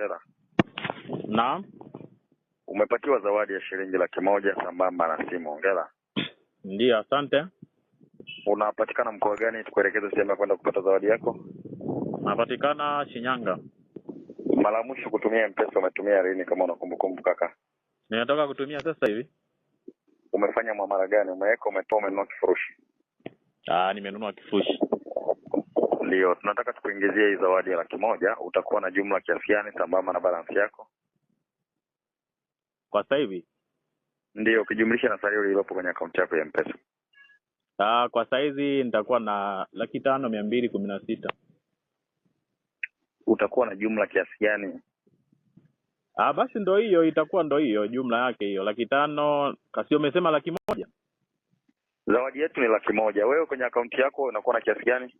hela? Naam, umepatiwa zawadi ya shilingi laki moja sambamba na simu. Hongera. Ndiyo, asante. Unapatikana mkoa gani, tukuelekeze sehemu ya kwenda kupata zawadi yako? Napatikana Shinyanga. Mara ya mwisho kutumia mpesa umetumia lini, kama unakumbukumbu kaka? Ninatoka kutumia sasa hivi. Umefanya mwamara gani? Umeweka, umetoa, umenunua kifurushi? Ah, nimenunua kifurushi. Ndio, tunataka tukuingizie hii zawadi ya laki moja. Utakuwa na jumla kiasi gani sambamba na balansi yako kwa sasa hivi? Ndio, ukijumlisha na salio lililopo kwenye akaunti yako ya Mpesa. Ah, kwa saizi nitakuwa na laki tano mia mbili kumi na sita. Utakuwa na jumla kiasi gani? Ah, basi ndo hiyo itakuwa ndo hiyo jumla yake hiyo laki tano kasi, umesema laki moja zawadi yetu ni laki moja. Wewe kwenye akaunti yako unakuwa na kiasi gani?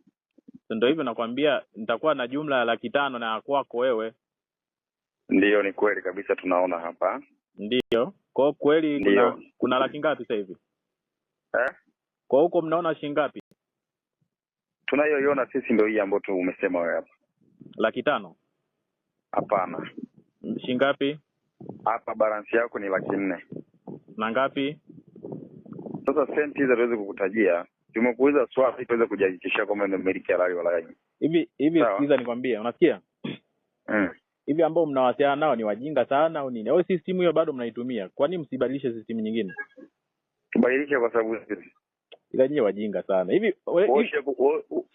ndo hivyo nakwambia, nitakuwa na jumla ya laki tano na kwako wewe. Ndiyo, ni kweli kabisa, tunaona hapa. Ndiyo, kwa kweli kuna, kuna laki ngapi sasa hivi eh? Kwa huko mnaona shingapi ngapi? Tunayoiona sisi ndo hii ambayo tu umesema wewe hapa, laki tano? Hapana, shilingi ngapi hapa? Balansi yako ni laki nne na ngapi? Sasa senti hizi hatuwezi kukutajia tumekuuliza swali tuweze kujihakikishia kwamba ndio mmiliki halali wa laini hivi hivi. Sikiza nikwambie, unasikia mm. hivi ambao mnawasiliana nao ni wajinga sana au nini? Au system hiyo bado mnaitumia? nini msibadilishe system nyingine? Tubadilishe kwa sababu ila nyie wajinga sana hivi.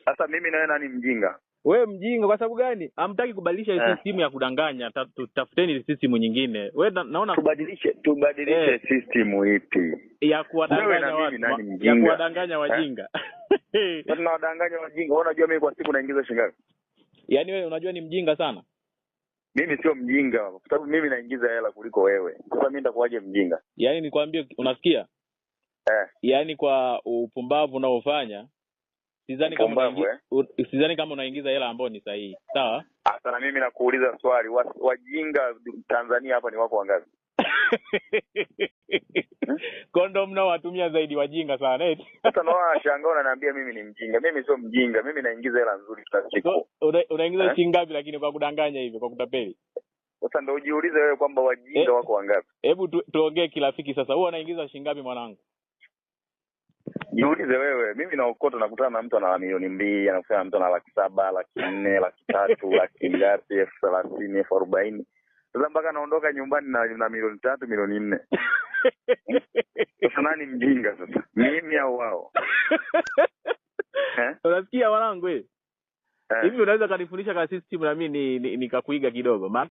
Sasa mimi na wewe nani mjinga? we mjinga. Kwa sababu gani hamtaki kubadilisha eh, system ya kudanganya? Tutafuteni ta, system nyingine. We na, naona tubadilishe, tubadilishe eh, system ipi ya kuwadanganya watu, ya kuwadanganya eh. wajinga na wadanganya wajinga. Wewe unajua mimi kwa siku naingiza shilingi ngapi? Yani wewe unajua ni mjinga sana. Mimi sio mjinga, kwa sababu mimi naingiza hela kuliko wewe. Sasa mimi nitakuwaje mjinga? Yani nikwambie, unasikia eh? Yani kwa upumbavu unaofanya sizani kama eh? kama unaingiza hela ambayo ni sahihi. Sawa, hasa ah, na mimi nakuuliza swali, wajinga Tanzania hapa ni wako wangapi? Kondom nao watumia zaidi wajinga sana eti. Sasa unaniambia mimi ni mjinga. Mimi sio mjinga, mimi naingiza hela nzuri kila siku. So, una, unaingiza eh? shilingi ngapi lakini kwa kudanganya hivyo kwa kutapeli? Sasa ndio ujiulize wewe kwamba wajinga e, wako wangapi? Hebu tuongee kirafiki kilafiki sasa. Wewe unaingiza shilingi ngapi mwanangu? Jiulize wewe, mimi naokota nakutana na mtu ana milioni mbili, anakutana na mtu ana laki saba, laki nne, laki tatu, laki ngapi, elfu thelathini, elfu arobaini. Sasa mpaka naondoka nyumbani na, na milioni tatu, milioni nne. Sasa nani mjinga sasa, mimi au wao? Eh? Unasikia wanangu, hivi eh? eh. unaweza kanifundisha ka system na mimi nikakuiga ni, ni kidogo maana